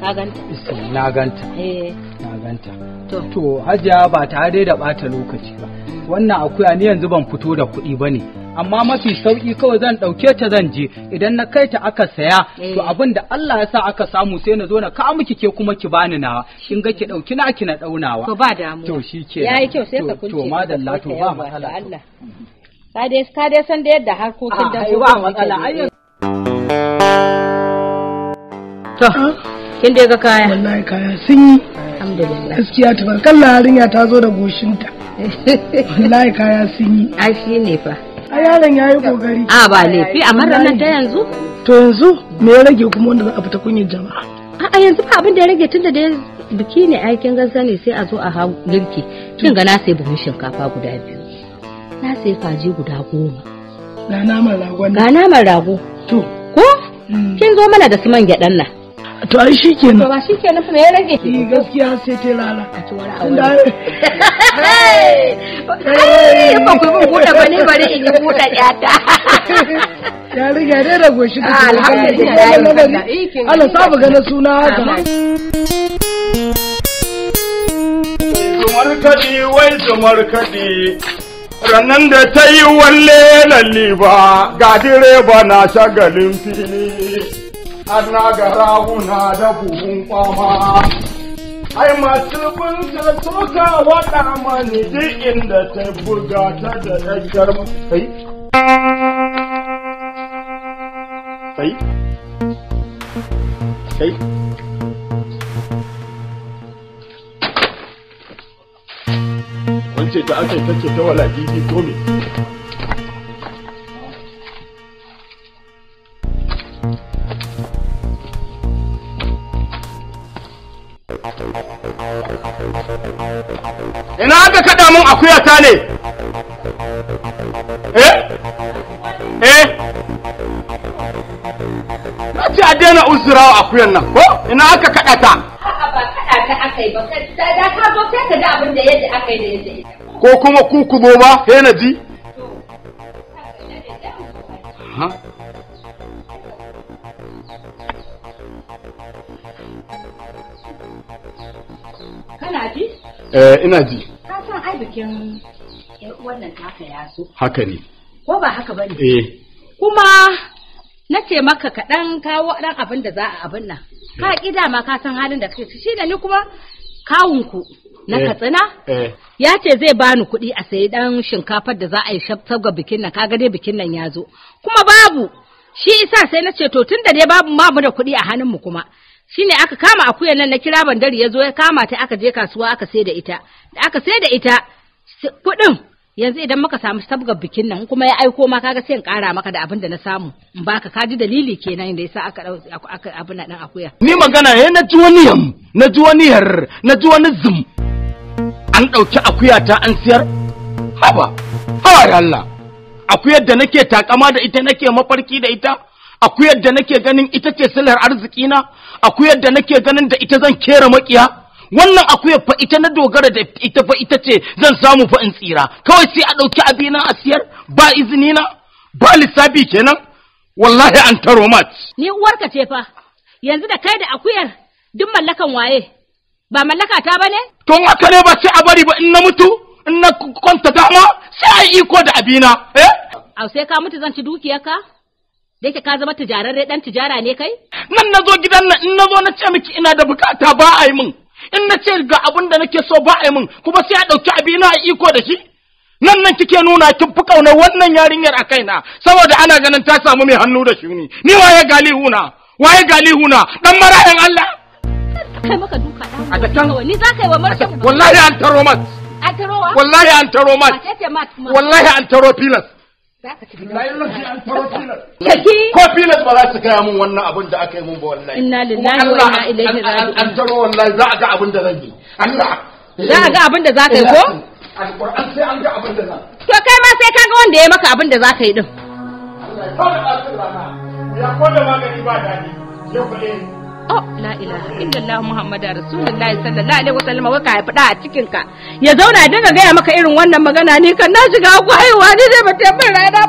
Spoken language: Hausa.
ka ganta na ganta eh. na ganta to hajiya ba tare da bata lokaci ba wannan akuya ni yanzu ban fito da kuɗi ba ne amma mafi sauƙi kawai zan ɗauke ta zan je idan na kai ta aka saya to eh. abin da Allah ya sa aka samu sai na zo na ka miki ke kuma ki bani nawa kin ga ki ɗauki na ki na ɗaunawa to ba damu to shi ke yayi kyau sai ka kunce to madalla to ba matsala ka dai ka dai san da yadda harkokin ah, da ba matsala to ah. kin da ga kaya wallahi kaya sun yi alhamdulillah gaskiya tabarkalla ya ta zo da goshinta wallahi kaya sun yi ai shi ne fa a yaron ya yi kokari a ba laifi a marar nan ta yanzu to yanzu me ya rage kuma wanda za a fita kunyar jama'a a'a yanzu fa abin da ya rage tun da biki ne aikin gasa ne sai a zo a hau girki kin ga na sai buhun shinkafa guda biyu na sai kaji guda goma ga naman rago ga naman rago to ko mm. kin zo mana da su man gyaɗan nan to ai shi nan. to ba shi kenan fa me ya rage shi eh, gaskiya sai ta lala a ci wani aure ai ba ku mun buɗe bane bare in yi buɗe ƴata ya riga da da goshi ta ah, alhamdulillah eh, Allah sabu ga na suna haka Tumarkaɗi wai tumarkaɗi ranan da ta yi walle lalli ba ga direba na shagalin fili an na ga rahuna da buhun kwama ai masu bunta suka waɗa mani duk inda ta buga ta da yankar kai kai kai wance ta ake kake ta wala gigi ko ina aka kaɗa mun akuya ta ne eh eh na ce a daina uzurawa akuyan nan ko ina aka kaɗa ta ba kaɗa ta aka yi ba da ka zo sai ka ga abin da yadda aka yi da yadda ko kuma ku ku zo ba sai na ji Kana ji? Eh, ina ji. Ka san ai wannan taka ya so. Haka ne. Ko ba haka ne? Eh. Kuma na ce maka ka dan kawo dan abin da za a abin nan. Ka ki eh. dama ka san halin da kake shi da ni kuma kawunku na eh. Katsina eh. ya ce zai bani kuɗi a sayi dan shinkafar da za a yi sabga bikin nan kaga dai bikin nan ya zo. Kuma babu shi isa sai na ce to tun da dai babu ma mu da kuɗi a hannunmu kuma shine aka kama akuyan nan na kira bandari ya zo ya kama ta aka je kasuwa aka sai da ita da aka sai da ita kuɗin yanzu idan muka samu sabgar bikin nan kuma ya aiko ma kaga sai in ƙara maka da abin da na samu in baka ka ji dalili kenan da yasa aka aka abin nan akuya ni magana eh na ji wani yam na ji wani yar na ji wani zum an ɗauki akuya ta an siyar haba ya Allah akuyar da nake takama da ita nake mafarki da ita akuyar da nake ganin ita ce silar arziki na akuyar da nake ganin da ita zan kera makiya wannan akuyar fa ita na dogara da ita fa ita ce zan samu fa in tsira kawai sai a ɗauki abina a siyar ba izini na ba lissafi kenan wallahi an taro mat ni uwarka ce fa yanzu da kai da akuyar duk mallakan waye ba mallaka ta bane to haka ne ba sai a bari ba in na mutu in na kwanta dama sai a iko da abina eh au sai ka mutu zan ci dukiyarka da yake ka zama tijararre dan tijara ne kai? Nan na zo gidan nan in na zo na ce miki ina da bukata ba a yi min. In na ce ga abin da nake so ba a yi min kuma sai a ɗauki abi a iko da shi. Nan nan kike nuna kin fi ƙaunar wannan yarinyar a kaina saboda ana ganin ta samu mai hannu da shuni. Ni waye galihuna? Waye galihuna? Dan marayan Allah. Kai maka duka ɗan. A takan. Ni za ka yi wa Maryam. Wallahi an taro mat. An taro wa? Wallahi an taro mat. Wallahi an taro pilas. Ka ko filas ba za su kaya mun wannan abin da aka yi mun ba wallahi inna lillahi wa inna ilaihi raji'un an taro wallahi za a ga abin da zan yi Allah za a ga abin da za ka yi eh, ko Alƙur'an sai an ga abin da za to kai ma sai ka ga wanda ya maka abin da za ka yi din Allah ya kawo da ya kawo da magani ba dadi ya kuɗe oh la ilaha illallah a cikin ka ya zauna dinga gaya maka irin wannan magana ni kan na shiga ku haihuwa ni ba rana